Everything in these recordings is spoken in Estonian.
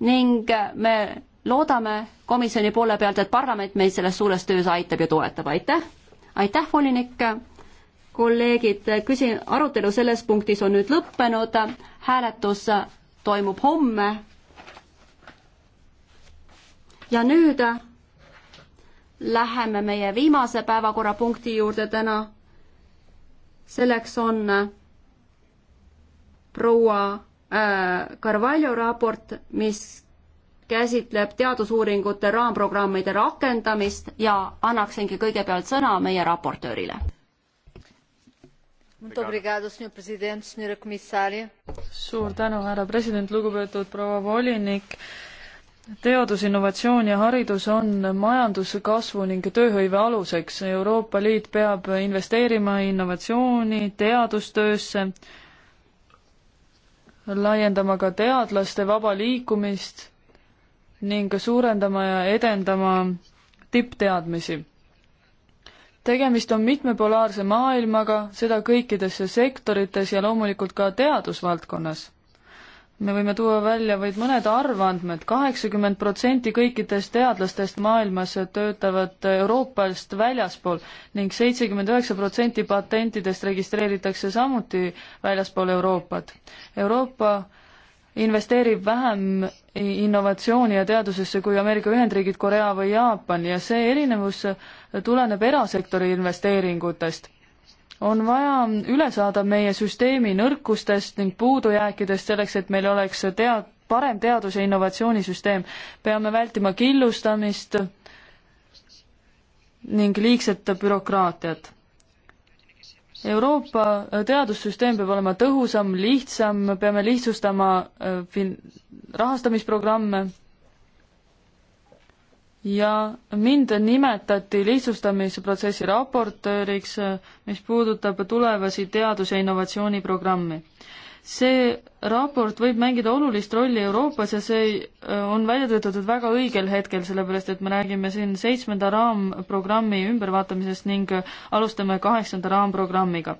ning me loodame komisjoni poole pealt, et parlament meid selles suures töös aitab ja toetab, aitäh! aitäh, volinik! kolleegid, küsin, arutelu selles punktis on nüüd lõppenud, hääletus toimub homme. ja nüüd läheme meie viimase päevakorrapunkti juurde täna. selleks on proua Äh, Carvalho raport, mis käsitleb teadusuuringute raamprogrammide rakendamist ja annaksingi kõigepealt sõna meie raportöörile. suur tänu, härra president, lugupeetud proua volinik. teadus, innovatsioon ja haridus on majanduskasvu ning tööhõive aluseks. Euroopa Liit peab investeerima innovatsiooni, teadustöösse laiendama ka teadlaste vaba liikumist ning suurendama ja edendama tippteadmisi. tegemist on mitmepolaarse maailmaga, seda kõikides sektorites ja loomulikult ka teadusvaldkonnas me võime tuua välja vaid mõned arvandmed, kaheksakümmend protsenti kõikidest teadlastest maailmas töötavad Euroopast väljaspool ning seitsekümmend üheksa protsenti patentidest registreeritakse samuti väljaspool Euroopat. Euroopa investeerib vähem innovatsiooni ja teadusesse kui Ameerika Ühendriigid, Korea või Jaapan ja see erinevus tuleneb erasektori investeeringutest on vaja üle saada meie süsteemi nõrkustest ning puudujääkidest selleks, et meil oleks tead-, parem teadus- ja innovatsioonisüsteem. peame vältima killustamist ning liigset bürokraatiat. Euroopa teadussüsteem peab olema tõhusam, lihtsam, peame lihtsustama äh, fin-, rahastamisprogramme ja mind nimetati lihtsustamisprotsessi raportööriks, mis puudutab tulevasi teadus- ja innovatsiooniprogrammi. see raport võib mängida olulist rolli Euroopas ja see äh, on välja töötatud väga õigel hetkel, sellepärast et me räägime siin seitsmenda raamprogrammi ümbervaatamisest ning alustame kaheksanda raamprogrammiga.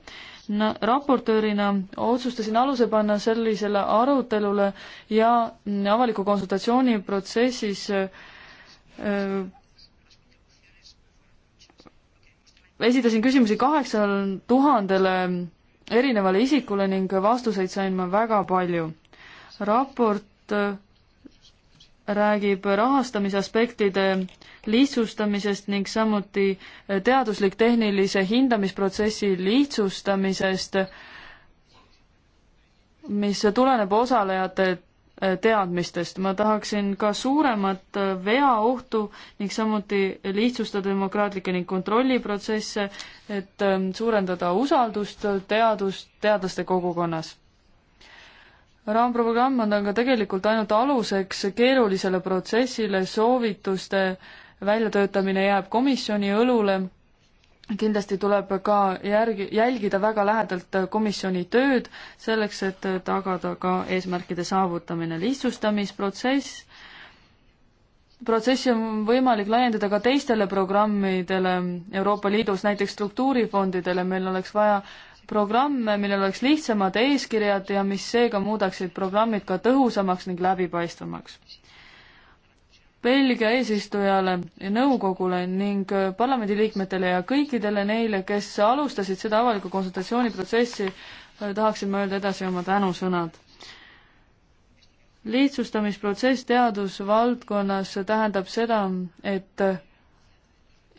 Na-, raportöörina otsustasin aluse panna sellisele arutelule ja avaliku konsultatsiooni protsessis äh, Äh, esitasin küsimusi kaheksale tuhandele erinevale isikule ning vastuseid sain ma väga palju. raport äh, räägib rahastamise aspektide lihtsustamisest ning samuti äh, teaduslik-tehnilise hindamisprotsessi lihtsustamisest, mis tuleneb osalejate teadmistest. ma tahaksin ka suuremat äh, veaohtu ning samuti lihtsustada demokraatlikke ning kontrolliprotsesse, et äh, suurendada usaldust teadust, teadlaste kogukonnas. raamprogramm on aga tegelikult ainult aluseks keerulisele protsessile, soovituste väljatöötamine jääb komisjoni õlule kindlasti tuleb ka järgi, jälgida väga lähedalt komisjoni tööd, selleks et tagada ka eesmärkide saavutamine. lihtsustamisprotsess, protsessi on võimalik laiendada ka teistele programmidele Euroopa Liidus, näiteks struktuurifondidele, meil oleks vaja programme, millel oleks lihtsamad eeskirjad ja mis seega muudaksid programmid ka tõhusamaks ning läbipaistvamaks Belgia eesistujale ja nõukogule ning parlamendiliikmetele ja kõikidele neile, kes alustasid seda avaliku konsultatsiooniprotsessi, tahaksin ma öelda edasi oma tänusõnad. lihtsustamisprotsess teadusvaldkonnas tähendab seda, et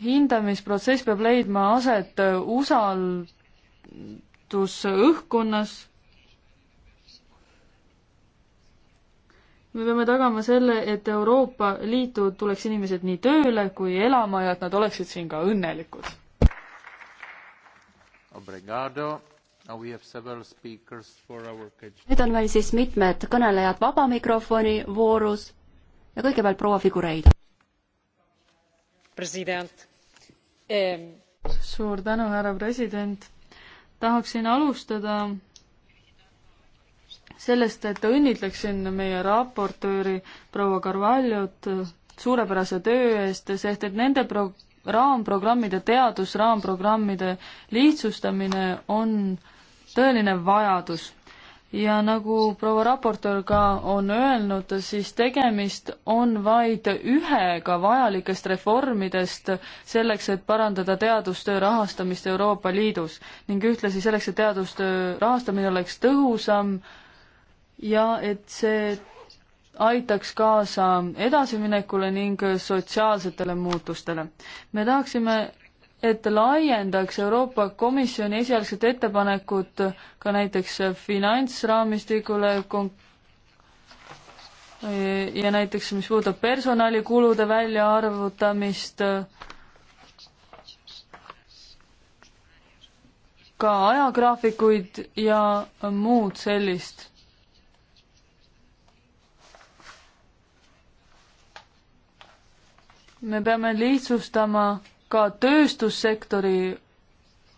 hindamisprotsess peab leidma aset usaldusõhkkonnas me peame tagama selle, et Euroopa Liitu tuleks inimesed nii tööle kui elama ja et nad oleksid siin ka õnnelikud. nüüd on meil siis mitmed kõnelejad vaba mikrofoni voorus ja kõigepealt proua Figureid. president ehm.. suur tänu, härra president. tahaksin alustada sellest, et õnnitleksin meie raportööri proua Carvaljot suurepärase töö eest, sest et nende pro-, raamprogrammide, teadusraamprogrammide lihtsustamine on tõeline vajadus. ja nagu proua raportöör ka on öelnud, siis tegemist on vaid ühega vajalikest reformidest selleks, et parandada teadustöö rahastamist Euroopa Liidus ning ühtlasi selleks, et teadustöö rahastamine oleks tõhusam, ja et see aitaks kaasa edasiminekule ning sotsiaalsetele muutustele. me tahaksime, et laiendaks Euroopa Komisjoni esialgset ettepanekut ka näiteks finantsraamistikule ja näiteks, mis puudutab personalikulude väljaarvutamist, ka ajagraafikuid ja muud sellist me peame lihtsustama ka tööstussektori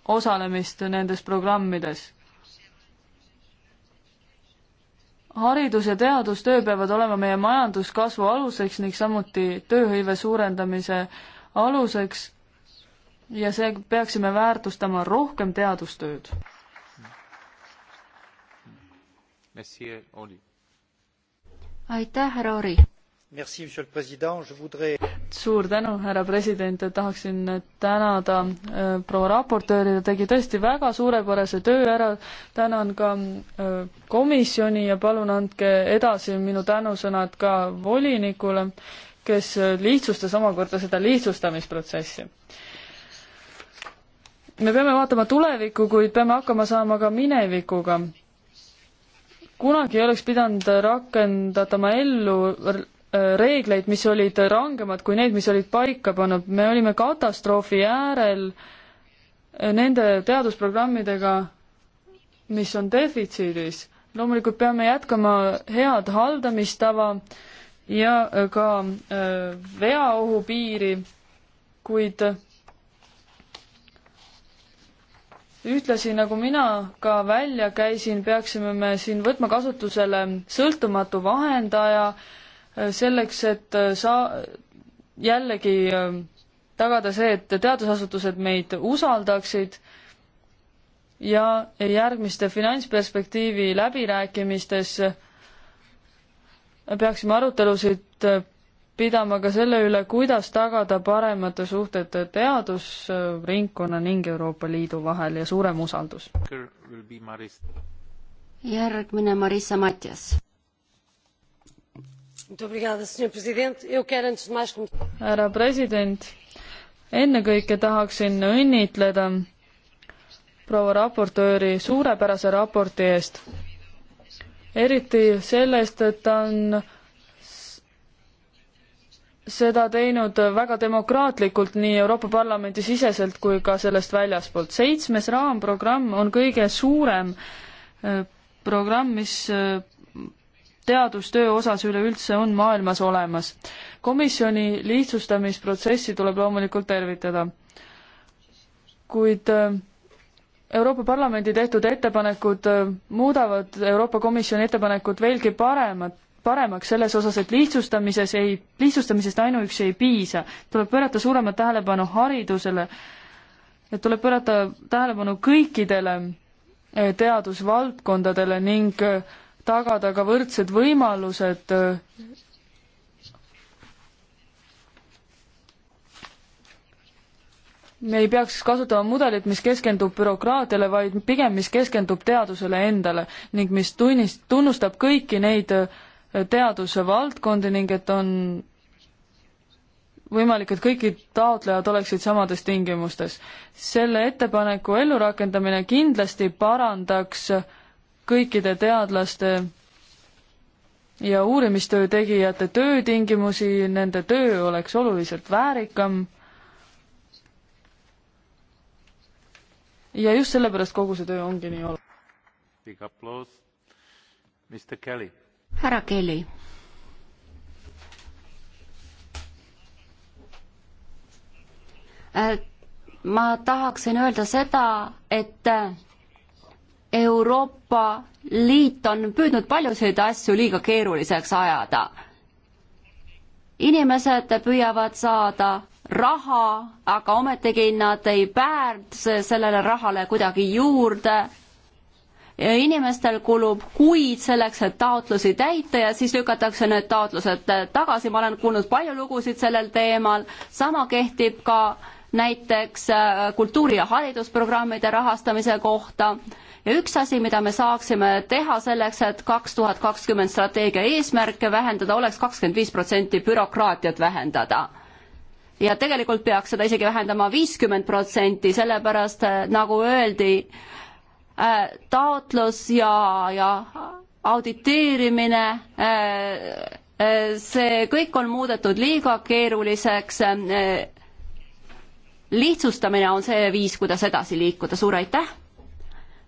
osalemist nendes programmides. haridus ja teadustöö peavad olema meie majanduskasvu aluseks ning samuti tööhõive suurendamise aluseks ja see, peaksime väärtustama rohkem teadustööd. aitäh, härra Ori! Voudrais suur tänu, härra president, tahaksin tänada äh, proua raportööri, ta tegi tõesti väga suurepärase töö ära. tänan ka äh, komisjoni ja palun andke edasi minu tänusõnad ka volinikule, kes lihtsustas omakorda seda lihtsustamisprotsessi me peame vaatama tulevikku, kuid peame hakkama saama ka minevikuga. kunagi ei oleks pidanud rakendatama ellu Äh, reegleid, mis olid rangemad kui need, mis olid paika pannud, me olime katastroofi äärel äh, nende teadusprogrammidega, mis on defitsiidis. loomulikult peame jätkama head haldamistava ja äh, ka veaohu piiri, kuid ühtlasi, nagu mina ka välja käisin, peaksime me siin võtma kasutusele sõltumatu vahendaja äh, Äh, selleks, et äh, saa-, jällegi ähm, tagada see, et teadusasutused meid usaldaksid ja järgmiste finantsperspektiivi läbirääkimistes äh, peaksime arutelusid pidama ka selle üle, kuidas tagada paremate suhtete teadusringkonna ning Euroopa Liidu vahel ja suurem usaldus. järgmine Marissa Matjas härra president, ennekõike tahaksin õnnitleda proua raportööri suurepärase raporti eest. eriti selle eest, et ta on seda teinud väga demokraatlikult nii Euroopa Parlamendi siseselt kui ka sellest väljaspoolt. seitsmes raamprogramm on kõige suurem eh, programm, mis eh, teadustöö osas üleüldse on maailmas olemas. komisjoni lihtsustamisprotsessi tuleb loomulikult tervitada. kuid äh, Euroopa Parlamendi tehtud ettepanekud äh, muudavad Euroopa Komisjoni ettepanekut veelgi paremat, paremaks selles osas, et lihtsustamises ei, lihtsustamisest ainuüksi ei piisa, tuleb pöörata suuremat tähelepanu haridusele, et tuleb pöörata tähelepanu kõikidele äh, teadusvaldkondadele ning äh, tagada ka võrdsed võimalused äh, me ei peaks kasutama mudelit, mis keskendub bürokraatiale, vaid pigem, mis keskendub teadusele endale ning mis tunnist-, tunnustab kõiki neid äh, teaduse valdkondi ning et on võimalik, et kõikid taotlejad oleksid samades tingimustes. selle ettepaneku ellurakendamine kindlasti parandaks äh, kõikide teadlaste ja uurimistöö tegijate töötingimusi, nende töö oleks oluliselt väärikam. ja just sellepärast kogu see töö ongi nii oluline. härra Kelly. Äh, ma tahaksin öelda seda, et äh, Euroopa Liit on püüdnud paljusid asju liiga keeruliseks ajada. inimesed püüavad saada raha, aga ometigi nad ei pääse sellele rahale kuidagi juurde. inimestel kulub kuid selleks, et taotlusi täita ja siis lükatakse need taotlused tagasi, ma olen kuulnud palju lugusid sellel teemal, sama kehtib ka äh, näiteks äh, kultuuri- ja haridusprogrammide rahastamise kohta. ja üks asi, mida me saaksime teha selleks, et kaks tuhat kakskümmend strateegia eesmärke vähendada oleks, oleks kakskümmend viis protsenti bürokraatiat vähendada ja tegelikult peaks seda isegi vähendama viiskümmend protsenti, sellepärast äh, nagu öeldi, äh, taotlus ja, ja auditeerimine see kõik on muudetud liiga keeruliseks lihtsustamine on see viis, kuidas edasi liikuda, suur aitäh!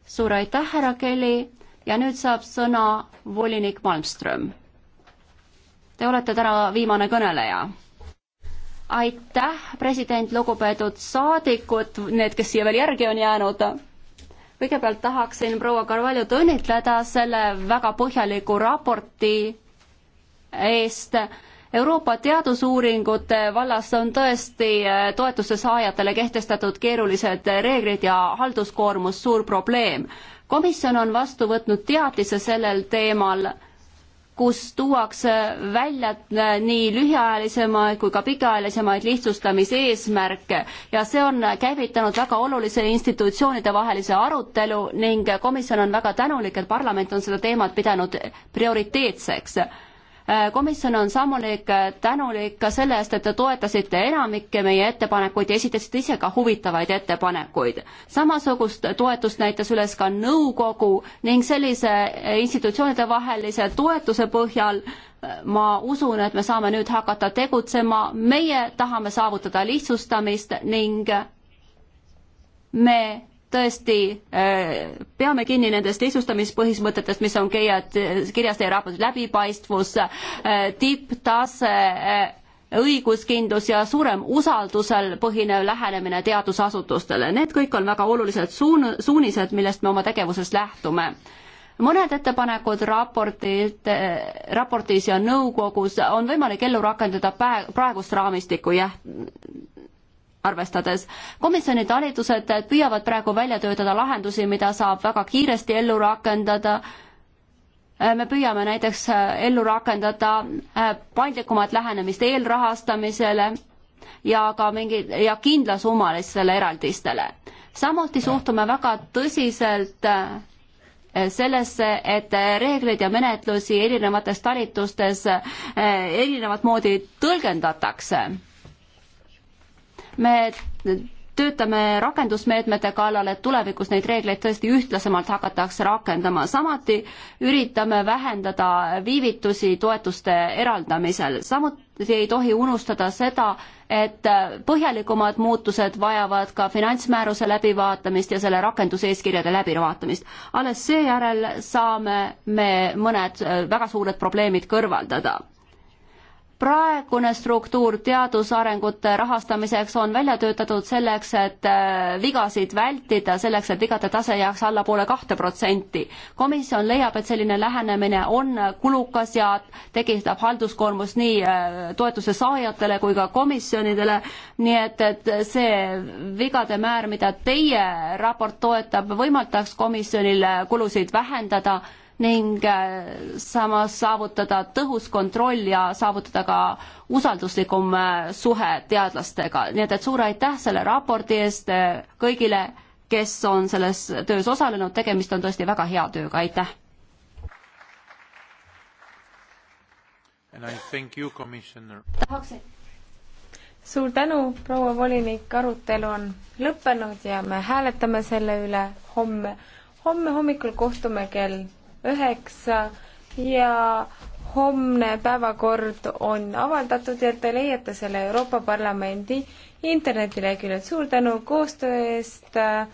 suur aitäh, härra Kelly ja nüüd saab sõna volinik Malmström. Te olete täna viimane kõneleja. aitäh, president, lugupeetud saadikud, need, kes siia veel järgi on jäänud. kõigepealt tahaksin proua Carvaljut õnnitleda selle väga põhjaliku raporti eest Euroopa teadusuuringute vallas on tõesti äh, toetuse saajatele kehtestatud keerulised reeglid ja halduskoormus suur probleem. komisjon on vastu võtnud teatise sellel teemal, kus tuuakse välja äh, nii lühiajalisemaid kui ka pikaajalisemaid lihtsustamise eesmärke ja see on käivitanud väga olulise institutsioonide vahelise arutelu ning komisjon on väga tänulik, et parlament on seda teemat pidanud prioriteetseks Äh, komisjon on sammulik äh, tänulik ka selle eest, et te toetasite enamikke meie ettepanekuid ja esitasite ise ka huvitavaid ettepanekuid. samasugust toetust näitas üles ka nõukogu ning sellise äh, institutsioonide vahelise toetuse põhjal ma usun, et me saame nüüd hakata tegutsema, meie tahame saavutada lihtsustamist ning me tõesti äh, peame kinni nendest lihtsustamispõhimõtetest, mis on kirjad, kirjas teie raportis, läbipaistvus, äh, tipptase, äh, õiguskindlus ja suurem usaldusel põhinev lähenemine teadusasutustele, need kõik on väga olulised suun-, suunised, millest me oma tegevuses lähtume mõned ettepanekud raportilt, raportis ja nõukogus on võimalik ellu rakendada praegust raamistikku jah, arvestades. komisjoni talitused püüavad praegu välja töötada lahendusi, mida saab väga kiiresti ellu rakendada me püüame näiteks ellu rakendada äh, paindlikumat lähenemist eelrahastamisele ja ka mingi ja kindlasummalistele eraldistele. samuti suhtume väga tõsiselt äh, sellesse, et reegleid ja menetlusi erinevates talitustes äh, erinevat moodi tõlgendatakse me töötame rakendusmeetmete kallal, et tulevikus neid reegleid tõesti ühtlasemalt hakatakse rakendama. samuti üritame vähendada viivitusi toetuste eraldamisel. samuti ei tohi unustada seda, et põhjalikumad muutused vajavad ka finantsmääruse läbivaatamist ja selle rakenduseeskirjade läbivaatamist. alles seejärel saame me mõned äh, väga suured probleemid kõrvaldada praegune struktuur teadusarengute rahastamiseks on välja töötatud selleks, et äh, vigasid vältida, selleks, et vigade tase jääks allapoole kahte protsenti. komisjon leiab, et selline lähenemine on kulukas ja tekitab halduskoormust nii äh, toetuse saajatele kui ka komisjonidele, nii et, et see vigade määr, mida teie raport toetab, võimaldaks komisjonil kulusid vähendada ning äh, samas saavutada tõhus kontroll ja saavutada ka usalduslikum äh, suhe teadlastega. nii et, et suur aitäh selle raporti eest äh, kõigile, kes on selles töös osalenud, tegemist on tõesti väga hea tööga, aitäh! You, tahaksin suur tänu, proua volinik, arutelu on lõppenud ja me hääletame selle üle homme. homme hommikul kohtume kell üheksa ja homne päevakord on avaldatud ja te leiate selle Euroopa Parlamendi internetileheküljelt. suur tänu koostöö eest äh,